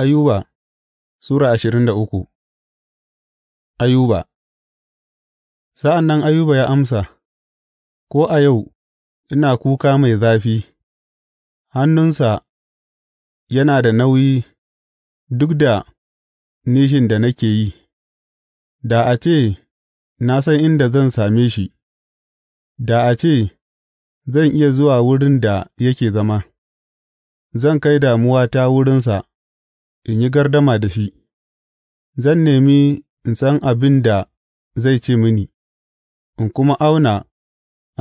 Ayuba Sura ashirin da uku Ayuba Sa'an nan Ayuba ya amsa, Ko a yau ina kuka mai zafi, hannunsa yana da nauyi duk da nishin da nake yi, da a ce na san inda zan same shi, da a ce zan iya zuwa wurin da yake zama, zan kai damuwa ta wurinsa. in yi gardama da shi, zan nemi in san abin da zai ce mini, in kuma auna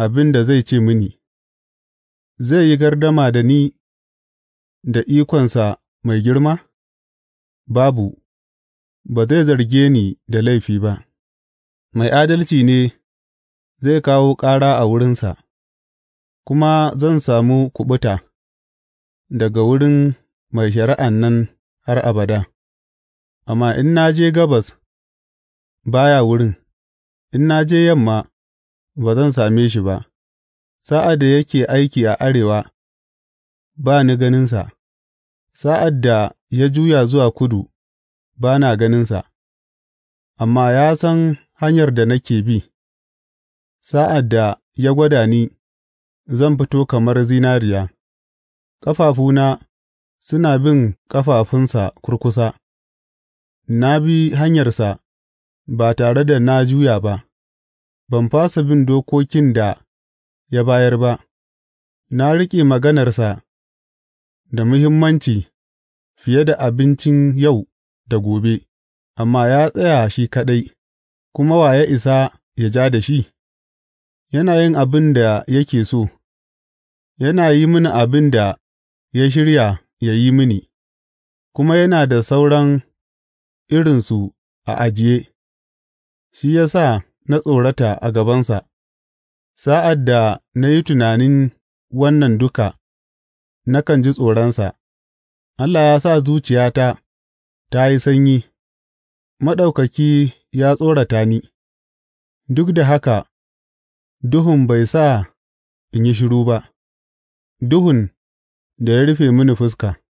abin da zai ce mini, zai yi gardama da ni da ikonsa mai girma? Babu, ba zai zarge ni da laifi ba, mai adalci ne zai kawo ƙara a wurinsa, kuma zan samu kuɓuta daga wurin mai shari'an nan har abada, amma in na je gabas, ba ya wurin, in na je yamma, ba zan same shi ba, sa'ad da yake aiki a arewa, ba ni ganinsa, sa'ad da ya juya zuwa kudu, ba na ganinsa, amma ya san hanyar da nake bi, sa'ad da ya gwada ni, zan fito kamar zinariya, ƙafafuna suna bin ƙafafunsa kurkusa; na bi hanyarsa ba tare da na juya ba, ban fasa bin dokokin da ya bayar ba, na riƙe maganarsa da muhimmanci fiye da abincin yau da gobe, amma ya tsaya shi kaɗai, kuma wa ya isa ya ja da shi? Yana yin abin da yake so, yana yi mini abin da ya shirya ya yi mini, kuma yana da sauran irinsu a ajiye, shi ya sa na tsorata a gabansa, sa'ad da na yi tunanin wannan duka, nakan ji tsoronsa, Allah ya sa zuciyata ta yi sanyi, Maɗaukaki ya tsorata ni, duk da haka duhun bai sa in yi shiru ba, duhun da ya rufe mini fuska.